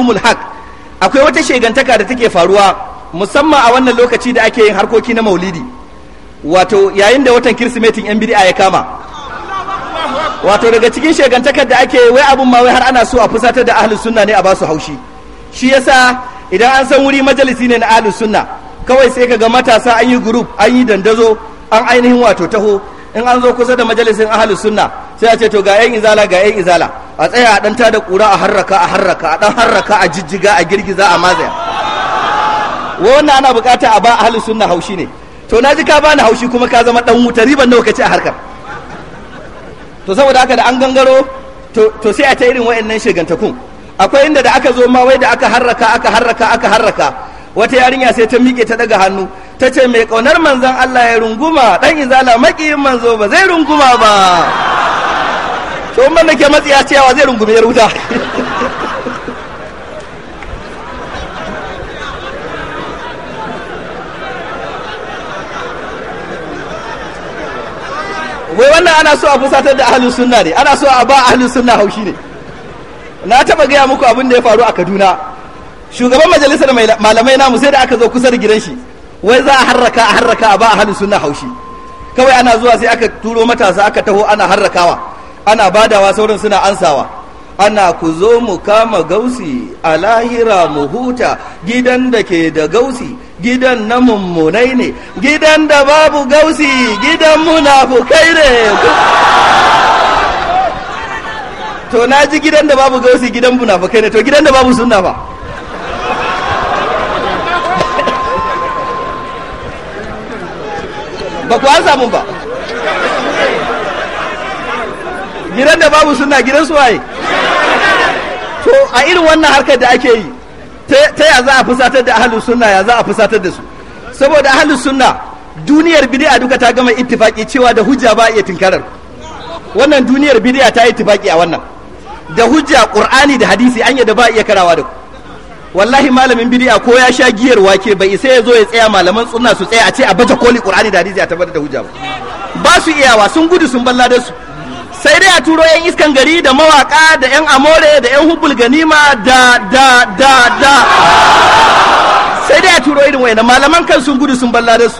humul haq akwai wata shegantaka da take faruwa musamman a wannan lokaci da ake yin harkoki na maulidi wato yayin da watan kirsimetin yan bid'a ya kama wato daga cikin shegantakar da ake wai abun ma wai har ana so a fusatar da ahlus sunna ne a basu haushi shi yasa idan an san wuri majalisi ne na ahlus sunna kawai sai kaga matasa an yi group an yi dandazo an ainihin wato taho in an zo kusa da majalisin ahlus sunna sai a ce to ga yan izala ga yan izala a tsaya a ɗan tada ƙura a harraka a harraka a ɗan harraka a jijjiga a girgiza a mazaya wannan ana buƙata a ba halin sunna haushi ne to na ji ka bani haushi kuma ka zama ɗan wuta riban nawa kace a harkar to saboda haka da an gangaro to sai a ta irin wa'annan shigantakun akwai inda da aka zo ma wai da aka harraka aka harraka aka harraka wata yarinya sai ta miƙe ta daga hannu ta ce mai ƙaunar manzon Allah ya runguma dan izala maƙiyin manzo ba zai runguma ba to in ban da ke matsiya cewa zai rungume ya ruta wai wannan ana so a fusatar da ahalin sunna ne ana so a ba ahalin sunna haushi ne na taba gaya muku abin da ya faru a kaduna shugaban majalisar malamai namu sai da aka zo kusa da gidan shi wai za a harraka a harraka a ba ahalin sunna haushi kawai ana zuwa sai aka turo matasa aka taho ana harrakawa ana badawa sauran suna ansawa ana ku zo mu kama gausi a lahira mu huta gidan da ke da gausi gidan na mummunai ne gidan da babu gausi gidan munafukai ne to na ji gidan da babu gausi gidan munafukai ne to gidan da babu sunna ba ba ku an samu ba gidan da babu suna gidan su waye to a irin wannan harkar da ake yi ta ya za a fusatar da ahalus sunna ya za a fusatar da su saboda ahalus sunna duniyar bid'a duka ta gama ittifaki cewa da hujja ba iya tinkarar wannan duniyar bid'a ta yi ittifaki a wannan da hujja qur'ani da hadisi an yadda ba iya karawa da ku wallahi malamin bid'a ko ya sha giyar wake bai isa ya zo ya tsaya malaman sunna su tsaya a ce a baje koli qur'ani da hadisi a tabbatar da hujja ba ba su iyawa sun gudu sun balla da su sai dai a turo yan iskan gari da mawaka da yan amore da yan hubul ganima da da da da sai dai a turo irin wayan malaman kan sun gudu sun balla da su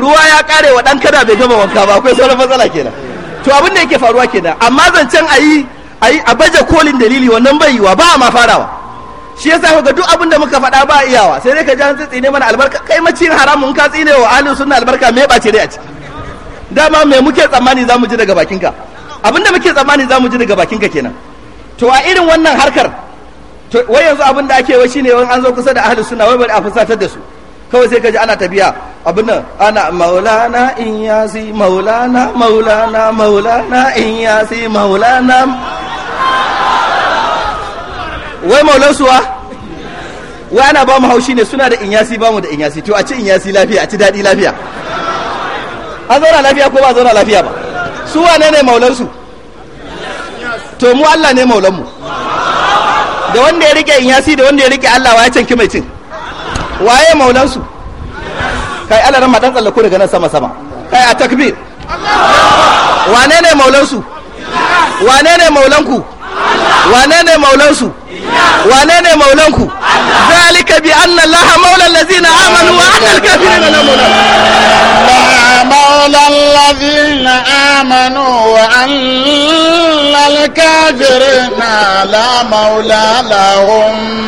ruwa ya kare wa dan kada bai gama wanka ba akwai sauran matsala kenan to abin da yake faruwa kenan amma zancen ayi ayi a baje kolin dalili wannan bai yi wa ba ma farawa shi yasa ga duk abin da muka faɗa ba iyawa sai dai ka ji an tsine mana albarka kai macin haramun ka tsine wa ahlus sunna albarka me bace dai a ciki dama me muke tsammani za mu ji daga bakinka abinda muke tsammani za mu ji daga bakinka kenan to a irin wannan harkar to wai yanzu abin da ake wai shine wai an zo kusa da ahli sunna wai bari a fusatar da su kawai sai kaji ana tafiya abin nan ana maulana in yasi maulana maulana maulana in yasi maulana wai suwa wai ana ba mu haushi ne suna da in yasi ba mu da in yasi to a ci in yasi lafiya a ci daɗi lafiya an zauna lafiya ko ba zauna lafiya ba su wane ne maulansu to mu Allah ne maulanmu da wanda ya rike yasi da wanda ya rike Allah waye canki mai cin waye maulansu kai Allah ran madan tsallako daga nan sama sama kai a takbir wane ne maulansu wane ne maulanku wane ne maulansu wane ne maulanku ذلك بأن الله مولى الذين آمنوا وأن الكافرين لا مولى مولى الذين آمنوا وأن الكافرين لا مولى لهم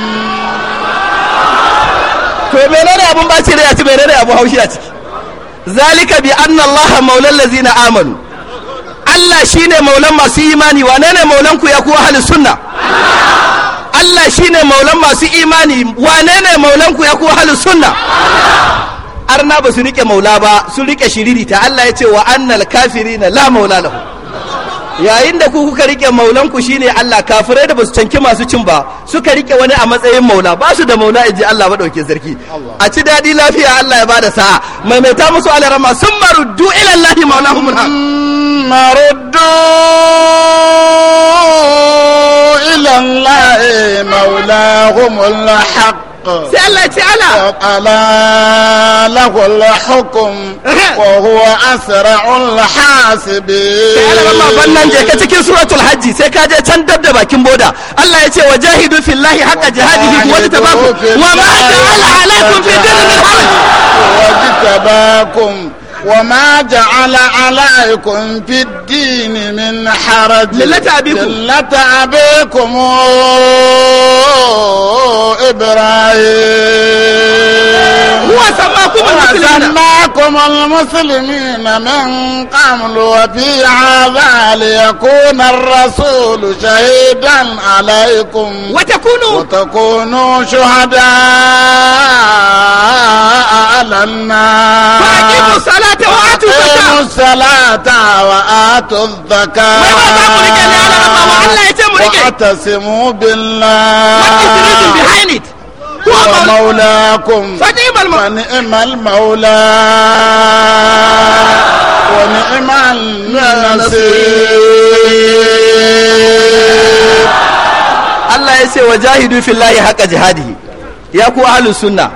to menene abun baci da a ci menene abu haushi a ci? zalika bi anna Allah maulal lazina amanu Allah shine maulan masu imani wane ne maulan ku ya kuwa halin sunna Allah shine maulan masu imani wane ne maulan ku ya ku halin sunna arna ba su rike maula ba su rike shiriri ta Allah ya ce wa annal na la maula lahu yayin da ku kuka rike maulan ku shine Allah kafirai da basu canki masu cin ba suka rike wani a matsayin maula ba su da maula inji Allah madauke sarki a ci daɗi lafiya Allah ya bada sa'a maimaita musu alarama sun maruddu ila Allah maulahumul haq maruddu ila maulahumul haq sai Allah ya ce ala ala lahul hukum wa huwa asra'ul hasibi sai Allah Allah wannan je ka cikin suratul hajji sai ka je can dab da bakin boda Allah ya ce wa jahidu fillahi haqqa jihadihi wa tabakum wa ma ta'ala alaikum fi dinin haraj wa tabakum وما جعل عليكم في الدين من حرج ملة أبيكم ملة أبيكم إبراهيم هو سماكم المسلمين سماكم المسلمين من قبل وفي هذا ليكون الرسول شهيدا عليكم وتكونوا وتكونوا شهداء على الناس فأقيموا الصلاة aqimu salata wa atu zakata wa atasimu billah هو مولاكم فنعم المولى ونعم النصير Allah ya ce wa jahidu fillahi haka jihadi ya ku ahlus sunna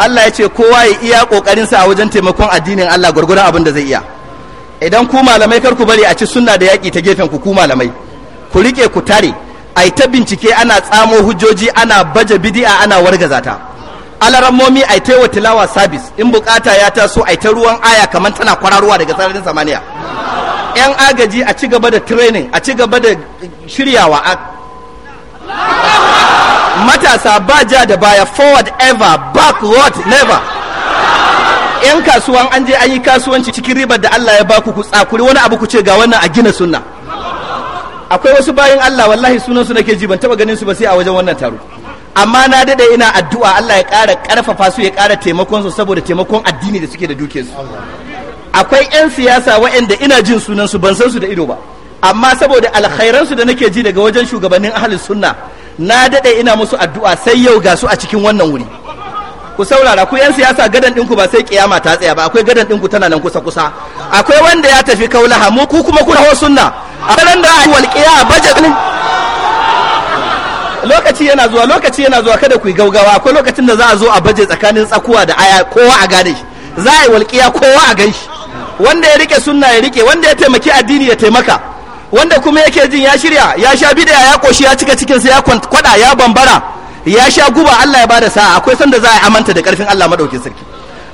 Allah ya ce kowa ya iya ƙoƙarinsa a wajen taimakon addinin Allah gwargwadon abin da zai iya idan ku malamai kar ku bari a ci sunna da yaƙi ta gefen ku ku malamai ku riƙe ku tare a ta bincike ana tsamo hujjoji ana baje bidi'a ana wargaza ta alarammomi a ta wa tilawa sabis in bukata ya taso a ta ruwan aya kamar tana kwararwa daga sararin samaniya yan agaji a ci gaba da training a ci gaba da shiryawa a matasa ba ja da baya forward ever backward never yan kasuwan an je an yi kasuwanci cikin ribar da Allah ya baku ku tsakuri wani abu ku ce ga wannan a gina sunna akwai wasu bayan Allah wallahi sunan su nake ji ban taba ganin su ba sai a wajen wannan taro amma na dade ina addu'a Allah ya kara karfafa su ya kara taimakon su saboda taimakon addini da suke da duke su akwai 'yan siyasa waɗanda ina jin sunan su ban san su da ido ba amma saboda alkhairan da nake ji daga wajen shugabannin ahlus sunna na daɗe ina musu addu'a sai yau ga su a cikin wannan wuri ku saurara ku yan siyasa gadan ɗinku ba sai kiyama ta tsaya ba akwai gadan ɗinku tana nan kusa kusa akwai wanda ya tafi kaulaha mu ku kuma ku raho sunna a ran da walƙiya baje lokaci yana zuwa lokaci yana zuwa kada ku yi gaugawa akwai lokacin da za a zo a baje tsakanin tsakuwa da aya kowa a gane shi za a yi walƙiya kowa a gan shi wanda ya rike sunna ya rike wanda ya taimaki addini ya taimaka wanda kuma yake jin ya shirya ya sha bid'a ya koshi ya cika cikinsa ya kwada ya bambara ya sha guba Allah ya bada sa'a akwai sanda za a amanta da karfin Allah madaukin sarki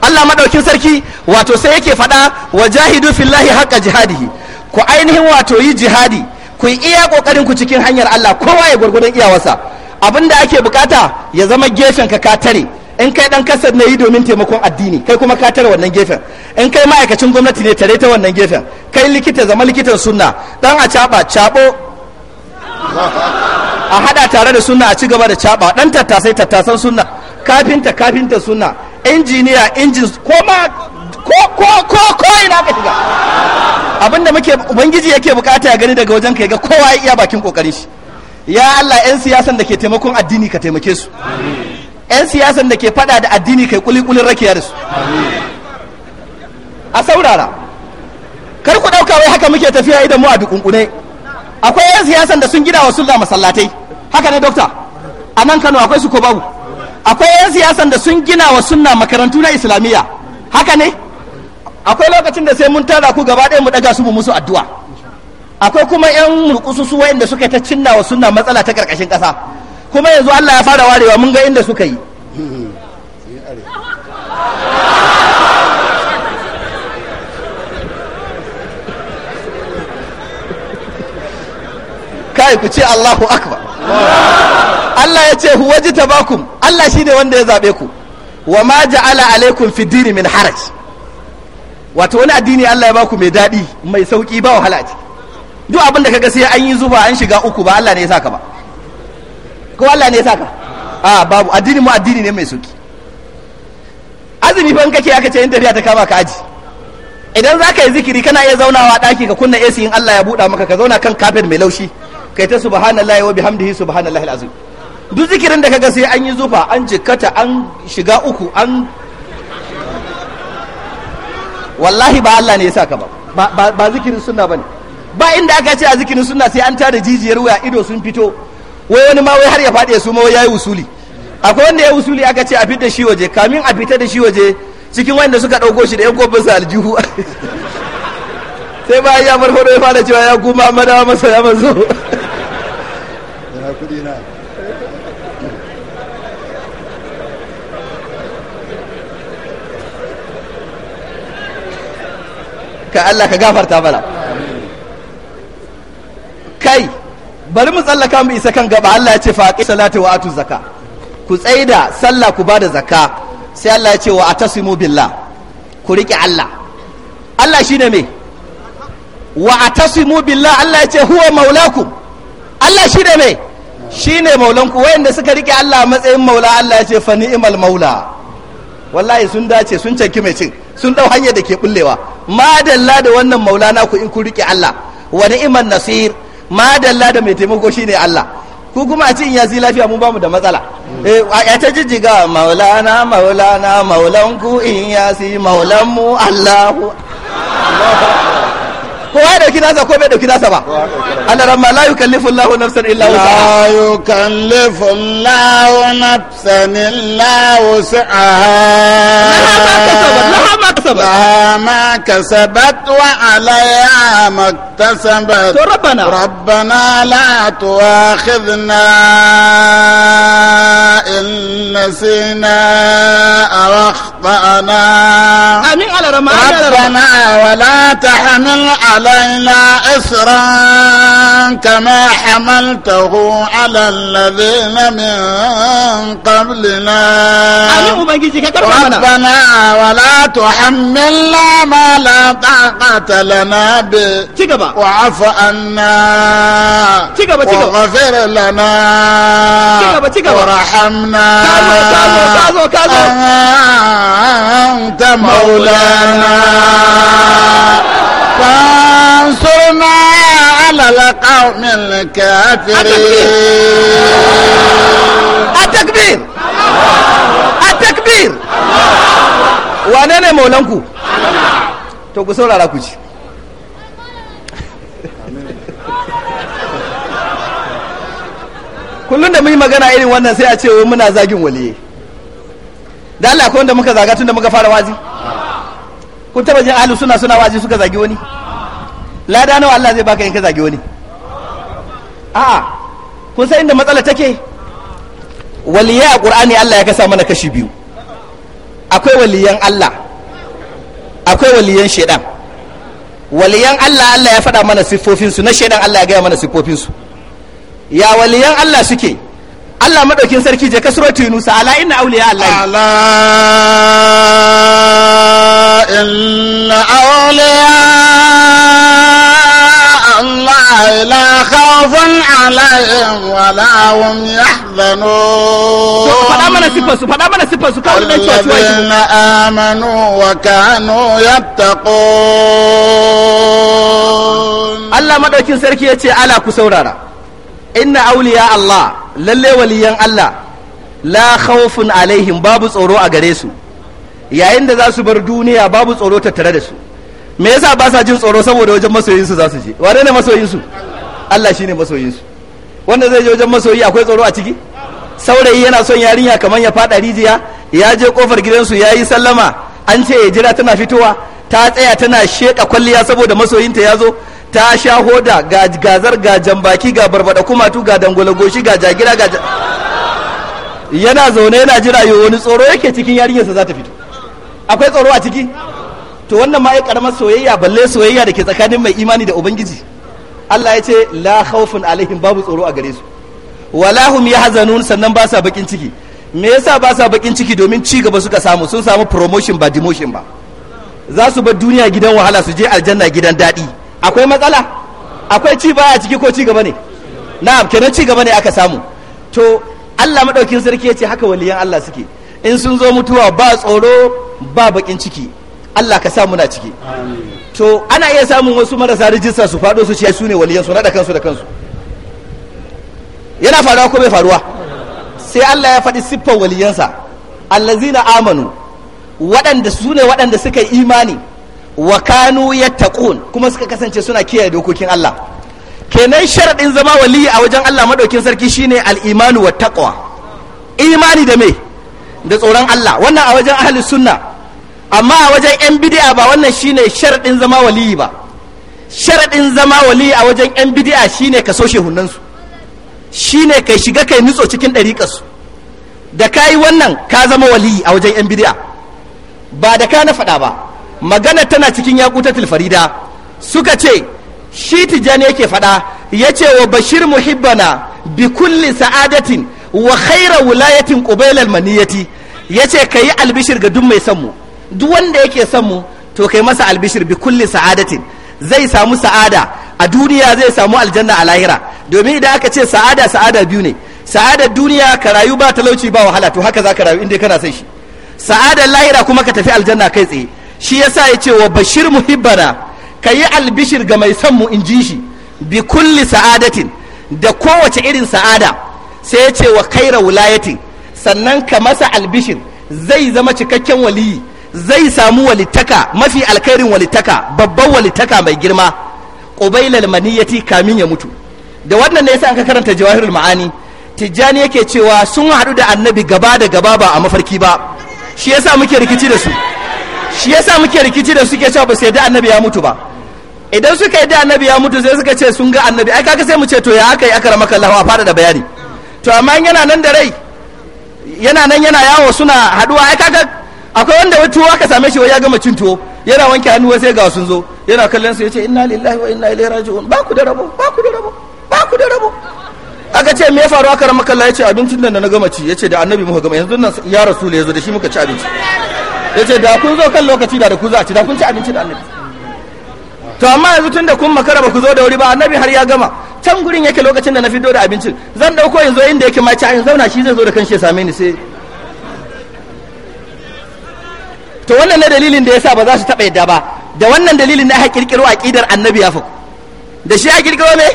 Allah madaukin sarki wato sai yake faɗa wa jahidu fillahi haqqa jihadihi ku ainihin wato yi jihadi ku iya kokarin ku cikin hanyar Allah kowa ya gwargwadon iyawarsa abinda ake bukata ya zama gefen ka katare in kai dan kasar ne yi domin taimakon addini kai kuma katare wannan gefen in kai ma'aikacin gwamnati ne tare ta wannan gefen kai likita zama likitan sunna dan a caba cabo a hada tare da sunna a ci gaba da caba dan tattasai tattasan sunna kafinta kafinta sunna injiniya injin ko ko ko ko ko ina ka shiga abinda muke ubangiji yake bukata ya gani daga wajen kai ga kowa ya iya bakin kokarin shi ya Allah 'yan siyasan da ke taimakon addini ka taimake su 'yan siyasan da ke fada da addini kai kulikulin rakiya da su a saurara kar ku ɗauka wai haka muke tafiya idan mu a dukunkune akwai yan siyasan da sun gina wa sulla masallatai haka ne dokta a nan kano akwai su ko babu akwai yan siyasan da sun gina wa sunna makarantu na islamiyya haka ne akwai lokacin da sai mun tara ku gaba ɗaya mu ɗaga su mu musu addu'a akwai kuma yan murkusu su wa'inda suka ta cinna wa sunna matsala ta ƙarƙashin ƙasa kuma yanzu Allah ya fara warewa mun ga inda suka yi wallahi ku ce Allahu akbar Allah ya ce huwa tabakum Allah ne wanda ya zabe ku wa ma ja'ala alaikum fi dini min haraj wato wani addini Allah ya baku mai daɗi mai sauki ba wahala ce duk abin da kaga sai an yi zuba an shiga uku ba Allah ne ya saka ba ko Allah ne ya saka a babu addini mu addini ne mai sauki azumi fa in kake aka ce in tafiya ta kama ka aji idan za ka yi zikiri kana iya zaunawa a ɗaki ka kunna AC in Allah ya buɗa maka ka zauna kan kafet mai laushi kai ta subhanallahi wa bihamdihi subhanallahi alazim duk zikirin da kaga sai an yi zufa an jikata an shiga uku an wallahi ba Allah ne ya saka ba ba zikirin sunna bane ba inda aka ce a zikirin sunna sai an tada jijiyar waya ido sun fito wai wani ma wai har ya faɗi ya suma wai yayi usuli akwai wanda ya usuli aka ce a fitar shi waje kamin a fita da shi waje cikin wanda suka ɗauko shi da yan gobin sa aljihu sai ba ya farko da ya fara cewa ya kuma madawa masa ya manzo kuɗi na ka Allah ka gafarta bala kai bari mu tsallaka mu isa kan gaba Allah ya ce faƙi salatu wa atu zaka ku tsaida sallah ku bada zakka sai Allah ya ce wa atasimu billah ku riƙe Allah Allah shine me wa atasimu billah Allah ya ce huwa maulakum Allah shine me shi ne maulanku wayanda suka rike Allah matsayin maula Allah ya ce fa ni'mal maula wallahi sun dace sun canki mai cin sun dau hanyar da ke bullewa madalla da wannan maulana ku in ku rike Allah wa ni'man nasir madalla da mai taimako shine Allah ku kuma a ce in lafiya mu bamu da matsala eh ya ta jijjiga maulana maulana maulanku in yasi maulan mu Allahu kowa ya dauki nasa ko bai dauki nasa ba Allah ramma la yukallifu Allahu nafsan illa wusaha la yukallifu Allahu nafsan illa wusaha لها ما كسبت وعليها ما اكتسبت ربنا ربنا لا تؤاخذنا إن نسينا أو أخطأنا ربنا ربنا ولا تحمل علينا إسرا كما حملته على الذين من قبلنا ربنا ولا تحملنا ما لا طاقة لنا به وعف عنا وغفر لنا ورحمنا أنت مولانا فانصرنا على القوم الكافرين التكبير التكبير wane ne maunanku to ku saurara ku ci kullum da mun yi magana irin wannan sai a ce muna zagin waliye da Allah ko wanda muka zaga tun da muka fara wazi kun taba jin ahlu suna suna wazi suka zagi wani lada nawa Allah zai baka in ka zagi wani a'a kun san inda matsala take waliya a qur'ani Allah ya kasa mana kashi biyu akwai waliyan Allah akwai waliyan shaidan waliyan Allah Allah ya faɗa mana siffofinsu na shaidan Allah ya gaya mana siffofinsu ya waliyan Allah suke Allah madaukin sarki je kasuwar suratu ala inna auliya Allah ala inna auliya Allah la khawfun alaihim wa la hum yahzanun fada mana sifar su fada mana sifar su kawai dan cewa inna amanu wa kanu yattaqun Allah madaukin sarki yace ala ku saurara inna auliya Allah lalle waliyan Allah la khawfun alaihim babu tsoro a gare su yayin da za su bar duniya babu tsoro tattare da su me yasa ba sa jin tsoro saboda wajen masoyinsu za su je wane ne masoyinsu Allah shine masoyinsu wanda zai je wajen masoyi akwai tsoro a ciki saurayi yana son yarinya kamar ya fada rijiya ya je kofar gidansu ya yi sallama an ce ya jira tana fitowa ta tsaya tana sheka kwalliya saboda masoyinta ya zo ta sha hoda ga gazar ga jambaki ga barbada kumatu ga dangwale goshi ga jagira ga yana zaune yana jira yi wani tsoro yake cikin yarinyarsa za ta fito akwai tsoro a ciki to wannan ma karamar soyayya balle soyayya da ke tsakanin mai imani da ubangiji Allah ya ce la khawfun alaihim babu tsoro a gare su wala hum yahzanun sannan ba sa bakin ciki me yasa ba sa bakin ciki domin ci gaba suka samu sun samu promotion ba demotion ba za su bar duniya gidan wahala su je aljanna gidan daɗi akwai matsala akwai ci baya ciki ko ci gaba ne na'am kenan ci gaba ne aka samu to Allah madaukin sarki yace haka waliyan Allah suke in sun zo mutuwa ba tsoro ba bakin ciki Allah ka sa muna ciki to ana iya samun wasu marasa rijista su fado su ce su ne waliyan su naɗa kansu da kansu yana faruwa ko bai faruwa sai Allah ya faɗi siffar waliyansa allazina amanu waɗanda su ne waɗanda suka yi imani wa kanu yattaqun kuma suka kasance suna kiyaye dokokin Allah kenan sharaɗin zama waliyi a wajen Allah madaukin sarki shine al-imanu wa taqwa imani da me da tsoron Allah wannan a wajen ahli sunna amma a wajen yan bid'a ba wannan shine sharaɗin zama waliyi ba Sharaɗin zama waliyi a wajen yan bid'a shine ka soshe hunansu su shine kai shiga kai nutso cikin dariƙar su da kai wannan ka zama waliyi a wajen yan bid'a ba da ka na faɗa ba magana tana cikin yakutatul farida suka ce shi tijani yake faɗa ya ce wa bashir muhibbana bi kulli sa'adatin wa khaira wulayatin qubailal maniyati ya ce ka yi albishir ga duk mai son mu duk wanda yake son mu to kai masa albishir bi kulli sa'adatin zai samu sa'ada a duniya zai samu aljanna a lahira domin idan aka ce sa'ada sa'ada biyu ne sa'adar duniya ka rayu ba talauci ba wahala to haka za ka rayu inda kana son shi sa'adar lahira kuma ka tafi aljanna kai tsaye shi yasa ya ce wa bashir muhibbana ka yi albishir ga mai son mu in ji shi bi kulli sa'adatin da kowace irin sa'ada sai ya ce wa kaira wulayatin sannan ka masa albishir zai zama cikakken waliyi zai samu walittaka mafi alkairin walittaka babban walittaka mai girma qubailal maniyyati kamin ya mutu da wannan ne yasa an ka karanta jawahirul ma'ani tijjani yake cewa sun haɗu da annabi gaba da gaba ba a mafarki ba shi yasa muke rikici da su shi yasa muke rikici da suke cewa ba su yadda annabi ya mutu ba idan suka yadda annabi ya mutu sai suka ce sun ga annabi ai kaga sai mu ce to ya aka yi aka rama kallahu a fada da bayani to amma yana nan da rai yana nan yana yawo suna haduwa ai kaga akwai wanda wata tuwo aka same shi wai ya gama cin tuwo yana wanke hannu sai ga sun zo yana kallon su yace inna lillahi wa inna ilaihi raji'un ba ku da rabo ba ku da rabo ba ku da rabo aka ce me ya faru aka rama kallahu yace abincin nan da na gama ci yace da annabi muka gama yanzu nan ya rasul ya zo da shi muka ci abinci yace da kun zo kan lokaci da da ku za ci da kun ci abinci da annabi to amma yanzu tunda kun makara ba ku zo da wuri ba annabi har ya gama can gurin yake lokacin da na fito da abincin zan dauko yanzu inda yake ma ci zauna shi zai zo da kanshi ya same ni sai to wannan ne dalilin da yasa ba za su taba yadda ba da wannan dalilin ne aka kirkiro aqidar annabi ya faku da shi aka kirkiro me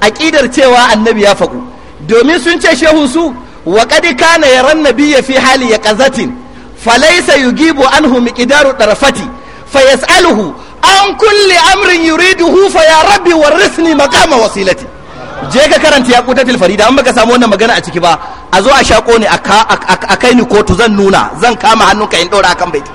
aqidar cewa annabi ya faku domin sun ce shehu su wa qad kana yaran nabiyya fi hali ya qazatin falaisa yugibu anhu miqdaru darfati fayasaluhu an kulli amrin yuriduhu fa ya rabbi warisni maqama wasilati je ka karanta ya kutatul farida an baka samu wannan magana a ciki ba a zo a shako ne a kai ni kotu zan nuna zan kama hannunka in dora akan baiti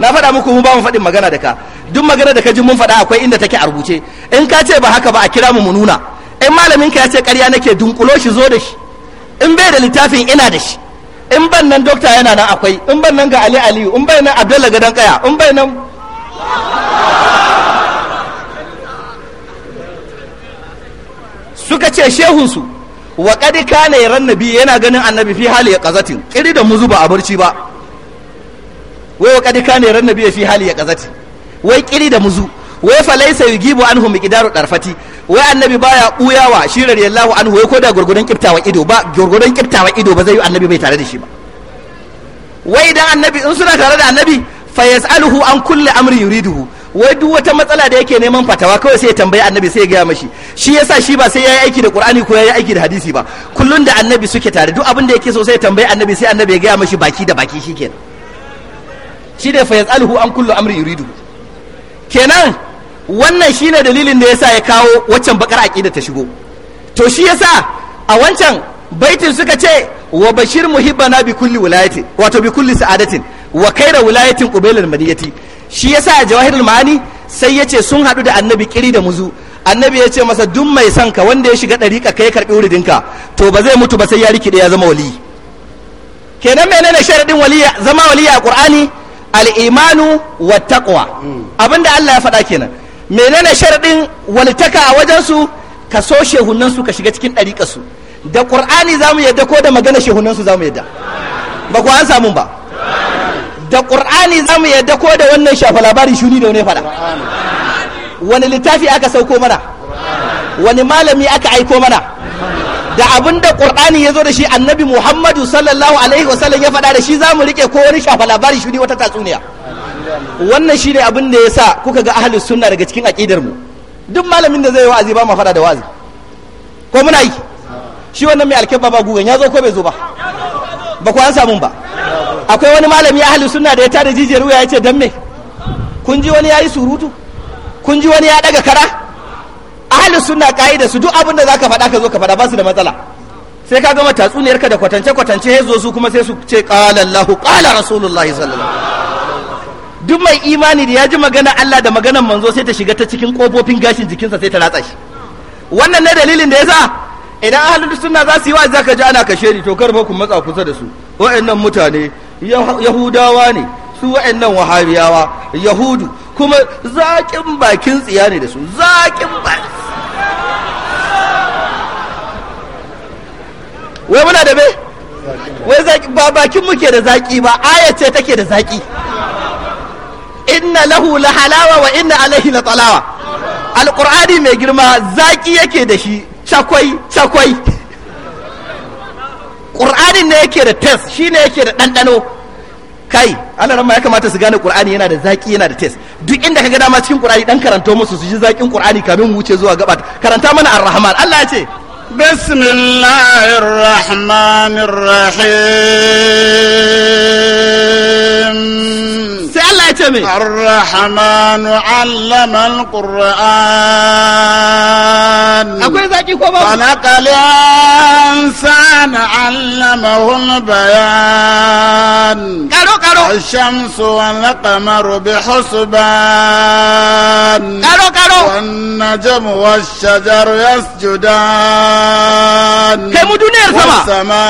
na faɗa muku mu ba mu faɗin magana da ka duk magana da ka ji mun faɗa akwai inda take a rubuce in ka ce ba haka ba a kira mu mu nuna in malamin ka ya ce ƙarya nake dunkulo shi zo da shi in bai da littafin ina da shi in ban nan dokta yana nan akwai in ban nan ga ali aliyu in ban nan abdullahi gadon kaya in ban nan suka ce shehunsu wa kadi kana ran nabi yana ganin annabi fi hali ya kazatin kiri da muzu ba a barci ba wai wa kadi kana ran nabi fi hali ya kazatin wai kiri da muzu wai falaisa yugibu anhu miqdaru darfati wai annabi baya buyawa shi radiyallahu anhu wai da gurgurdan kiftawa ido ba gurgurdan kiftawa ido ba zai yi annabi bai tare da shi ba wai idan annabi in suna tare da annabi fa yasaluhu an kulli amri yuriduhu wai duk wata matsala da yake neman fatawa kawai sai ya tambayi annabi sai ya gaya mashi shi yasa shi ba sai yayi aiki da qur'ani ko yayi aiki da hadisi ba kullun da annabi suke tare duk abin da yake so sai ya tambayi annabi sai annabi ya gaya mashi baki da baki shikenan shi ne fa yasaluhu an kullu amri yuriduhu kenan wannan shine dalilin da ya sa ya kawo waccan bakar aqida ta shigo to shi yasa a wancan baitin suka ce wa bashir muhibbana na kulli wilayatin wato bi kulli sa'adatin wa kaira wilayatin qubailal madiyati shi yasa jawahirul ma'ani sai yace sun haɗu da annabi kiri da muzu annabi ya ce masa duk mai son ka wanda ya shiga dariƙa kai karɓi ka, to ba zai mutu ba sai ya rikide ya zama wali kenan menene sharadin waliya zama waliya a qur'ani Al'imanu imanu wat taqwa mm. abinda Allah ya faɗa kenan menene sharadin walitaka a wajensu ka so shehunansu ka shiga cikin ɗariƙarsu da ƙur'ani za mu yadda ko da magana shehunansu za mu yadda ba ku an samu ba da ƙur'ani za mu yadda ko da wannan shafa labari shuni da wani faɗa wani littafi aka sauko mana wani malami aka aiko mana da abin da ƙur'ani ya zo da shi annabi muhammadu sallallahu alaihi wasallam ya faɗa da shi za mu riƙe ko wani shafa labari shuni wata tatsuniya wannan shi ne abin da ya sa kuka ga ahalin sunna daga cikin aƙidar mu duk malamin da zai wa'azi ba mu fada da wa'azi ko muna yi shi wannan mai alkebba ba gugan ya zo ko bai zo ba ba ku an samu ba akwai wani malami ahalin sunna da ya tada jijiyar wuya ya ce dan me kun ji wani ya yi surutu kun ji wani ya daga kara suna sunna kaida su duk abin da ka faɗa ka zo ka faɗa ba su da matsala sai ka gama tatsuniyarka da kwatance kwatance ya zo su kuma sai su ce ƙalallahu ƙala rasulullahi sallallahu duk mai imani da ya ji magana Allah da maganar manzo sai ta shiga ta cikin kofofin gashin jikinsa sai ta ratsa shi wannan ne dalilin da ya sa? idan ahlul sunna za su yi wa'azi zaka ji ana kashe ni to kar ba ku matsa kusa da su wa'annan mutane yahudawa ne su wa'annan wahabiyawa yahudu kuma zaƙin bakin tsiya ne da su zaƙin bakin wai muna da me wai ba bakin muke da zaƙi ba aya ce take da zaƙi inna lahu la halawa wa inna alaihi la talawa alqur'ani mai girma zaki yake da shi chakwai chakwai qur'ani ne yake da test shine yake da ɗanɗano kai Allah ramma ya kamata su gane qur'ani yana da zaki yana da test duk inda kaga dama cikin qur'ani dan karanto musu su ji zakin qur'ani kamin wuce zuwa gaba karanta mana ar-rahman Allah ya ce بسم الله الرحمن الرحيم ya ce mai ar 'allama Akwai zaki ko ba bayan Karo karo Ash-shamsu wal qamaru bi husban Karo karo Wan-najmu wash-shajaru yasjudan Kai mu duniyar sama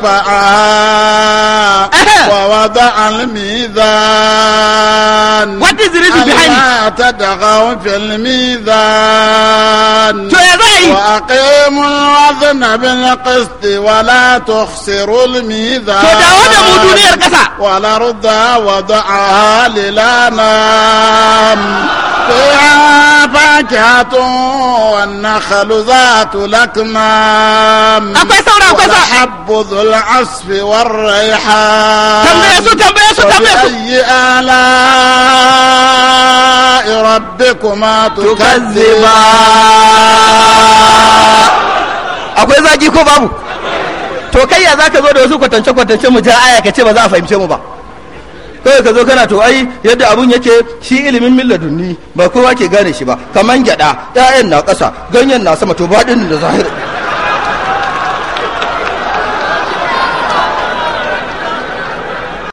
was ووضع الميزان What is the reason behind it? ألا تدغوا في الميزان وأقيموا الوزن بالقسط ولا تخسروا الميزان ولا رد وضعها للأنام فيها فاكهة والنخل ذات لكمام والحب ذو العصف والريحان فبأي akwai zaki ko babu to kai ya zaka zo da wasu kwatance kwatance mu aya ka ce ba za a fahimce mu ba kawai ka zo kana to ai yadda abun yake shi ilimin milladunni ba kowa ke gane shi ba kaman gyada 'ya'yan na ƙasa ganyen na sama to baɗin da zahiri